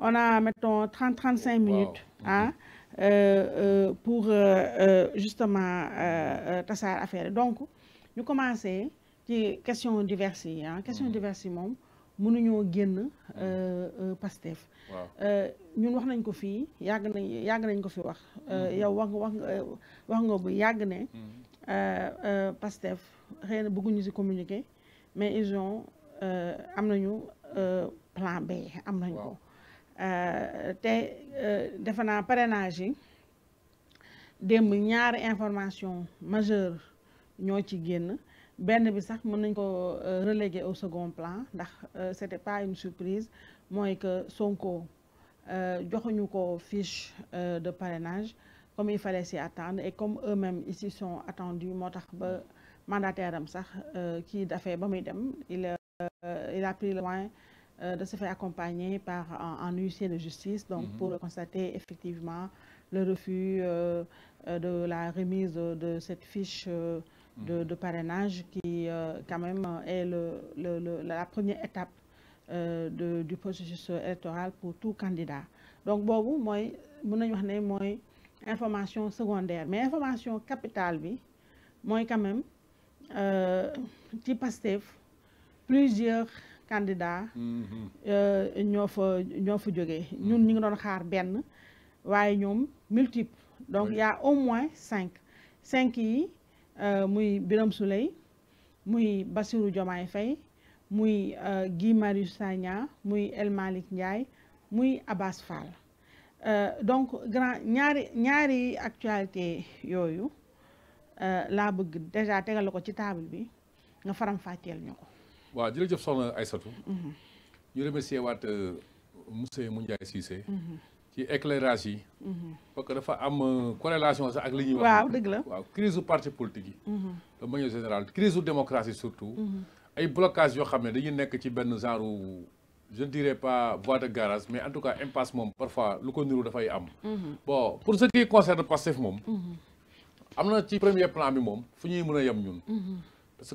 on a, mettons, 30-35 minutes hein, euh, euh, pour euh, euh justement euh, euh, tasser affaire donc ñu commençons ci question diverses Hein, question mhm. diverses yi moom mënuñoo génn mhm. Pastef ñun wax nañ ko fii yàgg nañ yàgg nañ ko fi wax mhm. yow wax nga wax nga wax nga bu yàgg ne Pastef a na bëgguñu mais ils ont am euh, plan B am nañ euh, te euh, defe parrainage yi milliards d'informations information majeure ci euh, au second plan Ce n'était pas une surprise je que Sonko joxuñu ko fiche de parrainage comme il fallait s'y attendre et comme eux-mêmes ici sont attendus le mandataire qui a fait il il a pris le moyen euh, de se faire accompagner par un, huissier de justice, donc mhm. pour constater effectivement le refus euh, euh, de la remise de, cette fiche mhm. de, parrainage qui, quand même, est le, la première étape de, du processus électoral pour tout candidat. Donc, bon vous moi vous wax une information secondaire mais information capitale oui- moi quand même qui Pastef plusieurs. candidat mm-hmm. euh, ñoo fa ñoo fa jógee ñun ñu ngi doon xaar benn waaye ñoom multiple donc y au moins cinq cinq yi euh, muy biram Souley muy Bassirou Diomaye Faye muy euh, gimari Marius Sagna muy El Malick muy Abass Fall donc grand ñaari ñaari actualité yooyu laa bëgg déjà tegale ko ci table bi nga faram fàcceel ñu ko waaw jërëjëf soxna Aïssatou ñu remercier waat euh, monsieur Moundiaye Cissé ci éclairage yi parce que dafa am euh, corrélation sax ak li ñuy wax waaw dëgg la waaw crise parti politique yi de manière générale crise u démocratie surtout ay blocage yoo xam ne dañuy nekk ci benn genre je ne dirais pas voie de garage mais en tout cas impasse moom parfois lu ko niru dafay am bon pour ce qui concerne Pastef moom am na ci premier plan bi moom fu ñuy mën a yem ñun parce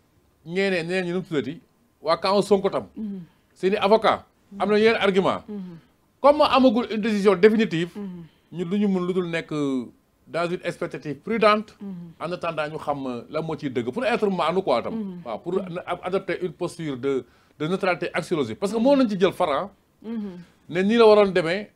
ñeeneen ñeneen ñu nu mu tuddati waa camp Sonko tam seeni avocat am na yeneen argument comme amagul une décision définitive ñun lu ñu mun lu dul nekk dans une expectative prudente en attendant ñu xam euh, la moo ciy dëgg pour être maanu quoi tam waaw pour mm-hmm. adopter une posture de de neutralité axiologique parce que moo nañ ci jël faran mm-hmm. ne nii la waroon demee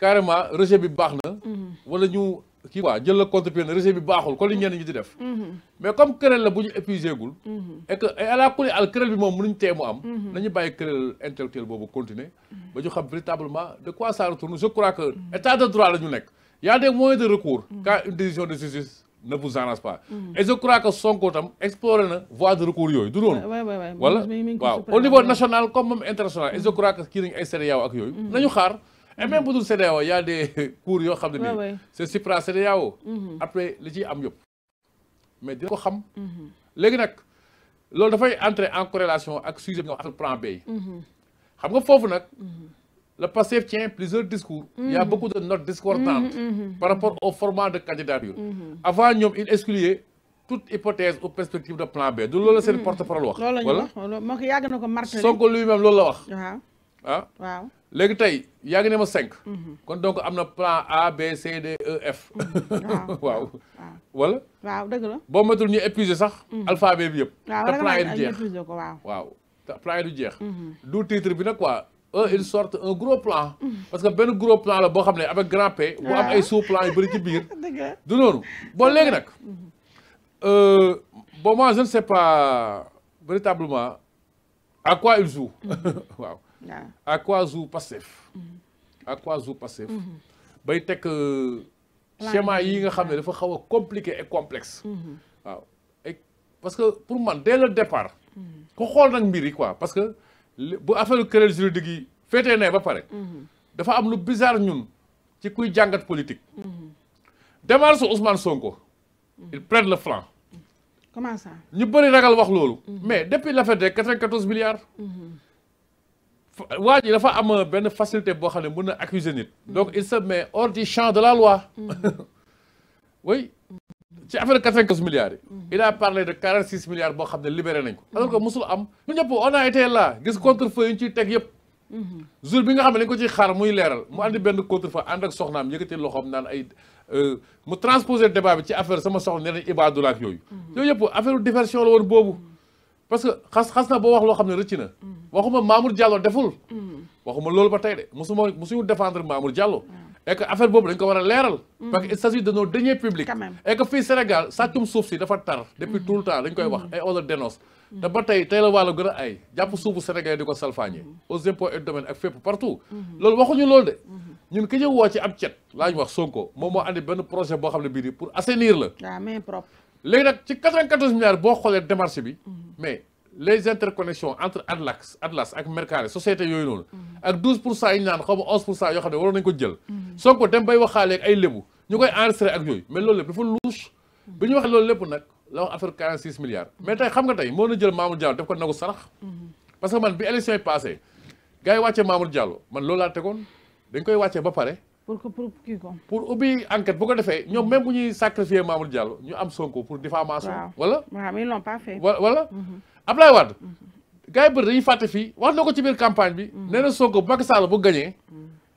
carrément rejet bi baax na mm-hmm. wala ñu kii quoi jël le compte pile ne reçu bi baaxul kon li ñenn ñi di def. Mhm. mais comme querelle la buñu ñu épuisé gul. Mhm. et que ay ala kulli al querelle bi mom mënuñ té mu am. Mhm. nañu baye querelle intellectuel bobu continuer. ba ñu xam véritablement de quoi ça retourne je crois que état de droit la ñu nekk. y a des moyens de recours. quand une décision de justice ne vous arrange pas. et je crois que Sonko tam explorer na voie de recours yoy du doon. wala au niveau national comme moom international. et je crois que ki ñu ay céréales ak yoy nañu xaar et même bu dul il y' a des cours qui sont C'est nii. c'est est après li ciy am yëpp. mais dina ko xam. Mhm. entrer en corrélation ak sujet nga plan B yi. Mhm. nga mhm. le passé tient plusieurs discours. Il y a beaucoup de notes discordantes par rapport au format de candidature. Avant, nous, il excluait toute hypothèse ou perspective de plan B. Donc, c'est le porte-parole. Voilà. Sonko lui-même, c'est ce qu'il a léegi tey yaa ngi ne ma cinq mhm. kon donc am na plan A B C D E F mhm. waaw wala waaw dëgg la boo matul ñu épuisé sax mhm. alphabet bi yëpp te plan yi du jeex waaw te plan yi du jeex du titre bi nag waa un e, une sorte un gros plan parce que benn gros plan la boo xam ne avec grand P bu am ah. ay sous plan yu bëri ci biir du noonu boo léegi nag euh, bon moi je ne pas véritablement à quoi il joue waaw à Kwazu Pastef à Kwazu Pastef bay teg euh, schéma yi nga xam ne dafa xaw a compliqué et complexe mhm. waaw parce que pour man de le départ ku xool nag mbir yi quoi parce que bu affaire querelle juridique yi féetee ne ba pare mhm. dafa am lu bizarre ñun ci kuy jàngat politique mhm. démarche Ousmane Sonko il prête le flanc comment ça ñu bëri ragal wax loolu mais depuis l'affaire des 94 milliards waa ji dafa am benn facilité boo xam ne mën accuser nit donc il se met hors du champ de la loi oui ci affaire quatre vingt milliards il a parlé de 46 milliards boo xam libéré nañ ko alors que musul am ñu ñëpp on a été là gis contrefeu yi ñu ciy teg yëpp jour bi nga xam ne dañ ko ciy xaar muy leeral mu andi benn contrefeu ànd ak soxnaam yëkkati loxoom naan ay mu transposer débat bi ci affaire sama soxna ne nañ ibaadulaak yooyu yooyu yëpp affaire diversion la woon boobu parce que xas xas na boo wax loo xam ne rëcc na. Mm. waxuma Mamour Diallo deful. Mm. waxuma loolu ba tey de mosuma mosuñu défendre Mamour Diallo. Ah. et que affaire boobu dañ ko war a leeral. Mm. parce que il s'agit de nos deniers publics. et que fii Sénégal sàccum suuf si dafa tar. depuis tout le temps dañ koy wax et on le dénonce. te ba tey tey la wàllu gën a ay jàpp suufu Sénégal di ko salfaañe. aux impôts et domaines ak fépp partout. Mm-hmm. loolu waxuñu loolu de. Mm-hmm. ñun ki woo ci ab cet wax Sonko moom moo andi benn boo xam ne bii nii pour assainir la. waaw léegi nag ci 94 milliards boo xoolee démarche bi mhm. mais les interconnexions entre Atlas Atlas ak Mercari société yooyu noonu mhm. ak 12 pour cent yi ñu naan xaw ma pour cent yoo xam ne waroon nañu ko jël mhm. Sonko dem bay waxaale ay lébu ñu koy enregistré ak yooyu mais loolu lépp dafa louche bi ñu waxee loolu lépp nag la wax affaire 46 milliards mais tey xam nga tey moo na jël Mamour Diallo def ko nagu sarax parce que man bi élection wàccee Mamour Diallo man loolu laa tegoon koy wàccee ba pare pour que pour kii ko. pour ubbi enquête bu ko defee ñoom même bu ñuy sacrifier Mamour Diallo ñu am Sonko pour diffamation. wala waaw mais ils l'ont pas fait. wala mm-hmm. Ablaye Wade. Mm-hmm. gars yi bëri dañuy fàtte fii wax na ko ci biir campagne bi. Mm-hmm. nee na Sonko bu Macky Sall bu gagné.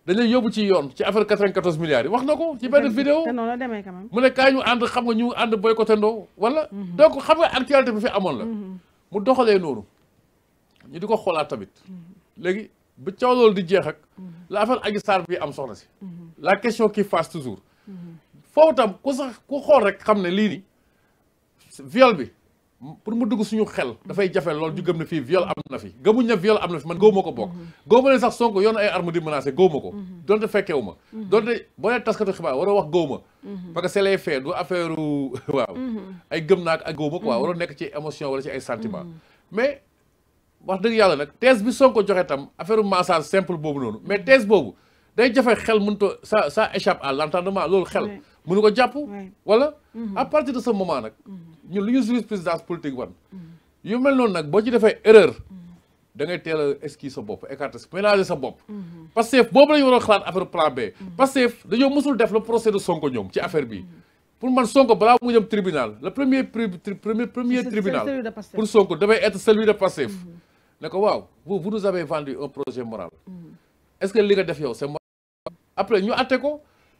dañuy yóbbu ci yoon ci affaire 94 milliards yi wax na ko. ci benn vidéo te noonu la demee quand même. mu ne kaay ñu ànd xam nga ñu ànd boycotté ndoo wala. donc xam nga actualité bi fi amoon la. mu doxalee noonu. ñu di ko xoolaat tamit. léegi bu coow loolu di jeex ak. la affaire Adji Sarr bi am soxna si. la question qui fâche toujours foofu tam ku sax ku xool rek xam ne lii ni viol bi pour mu dugg suñu xel dafay jafe loolu ñu gëm ne fii viol am na fi gëmuñ ne viol am na fi man gëwuma ko bokk gëwuma ne sax Sonko yoon ay arme di menacé gëwuma ko donte fekkewu ma donte boo nee taskatu xibaar waroo wax gëwuma parce que c'est du affaire waaw ay gëm naak ak gëwuma quoi waroo nekk ci émotion wala ci ay sentiment mais wax dëgg yàlla nag thèse bi Sonko joxe tam affaire massage simple boobu noonu mais thèse boobu day jafe xel mënut a sa ça échappe à l'entendement loolu xel. mënu ko jàpp. wala mhm. à partir de ce moment nag. Mhm. ñun lu ñu jurisprudence politique wan. Mhm. yu mel noonu nag boo ci defee erreur. da ngay teel a sa bopp écarter ménager sa bopp. parce que boobu la ñu waroon xalaat affaire plan B. parce dañoo mësul def le procès de Sonko ñoom ci affaire bi. pour man Sonko balaa mu jëm tribunal le premier premier premier tribunal. pour Sonko dafay être celui de Pastef. ne def yow après ñu atte ko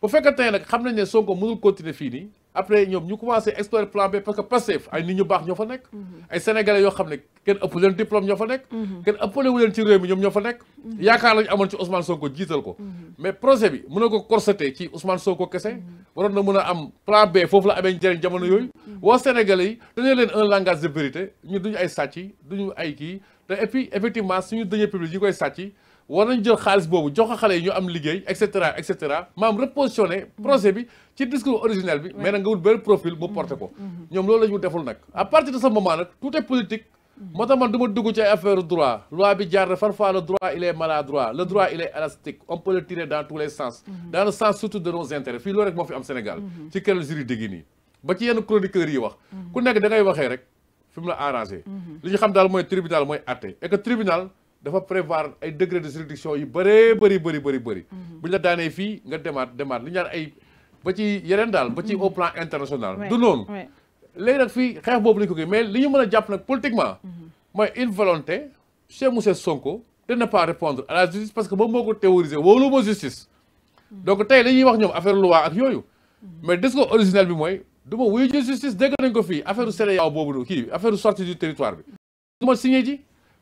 bu fekkee tey nag xam nañ ne Sonko mënul continuer fii nii après ñoom ñu commencé explorer plan B parce que Pastef ay nit ñu baax ñoo fa nekk. Mhm. ay sénégalais yoo xam ne kenn ëpp leen diplôme ñoo fa nekk. Mhm. kenn ëppale wu leen ci réew mi ñoom ñoo fa nekk. Mhm. yaakaar lañu amoon ci Ousmane Sonko jiital ko. mais projet bi mën na ko corseté ci Ousmane Sonko kese. waroon na mën a am plan B foofu la amee njëriñ jamono yooyu. woo sénégalais yi dañoo leen un langage de vérité kii te et puis effectivement suñu deniers publics yi war nañ jël xaalis boobu jox ko xale yi ñu am liggéey et cetera et cetera maam repositionné projet bi ci discours original bi mais nag nga wut benn profil mu porté ko mhm. Mhm. ñoom loolu lañu deful nag à partir de ce moment nag tout est politique mhm. moo tax man du ma dugg ci affaire droit loi bi jaar na parfois le droit il est maladroit le droit il est élastique on peut le tirer dans tous les sens dans le sens surtout de nos intérêts fii loolu rek moo fi am Sénégal ci këral juridique yi nii ba ci yenn chroniqueur yi wax ku nekk da ngay waxee rek fi mu la arrangé li ñu xam daal mooy tribunal mooy atte et que tribunal dafa prévoir ay degré de réduction yu bëree bëri bëri bëri bëri mhm. bu ñu la daanee fii nga demaat demaat li ñu ay ba ci yeneen daal ba ci mhm. au plan international du noonu léegi nag fii xeex boobu lañ ko kii mais li ñu mën a jàpp nag politiquement mhm. mooy une volonté chez monsieur Sonko de ne pas répondre à la justice parce que moom moo ko théorisé wóolu ma justice donc tey dañuy wax ñoom affaire loi ak yooyu mais discours original bi mooy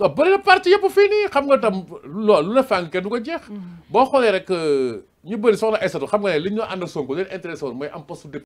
do bëri na parti yëpp fii nii xam nga tam loolu lu ne fànk kenn du jeex mm. boo xoolee rek euh, ñu bëri soxna Aïssatou xam nga ne li ñu ànd ak Sonko leen intéressé mooy am post député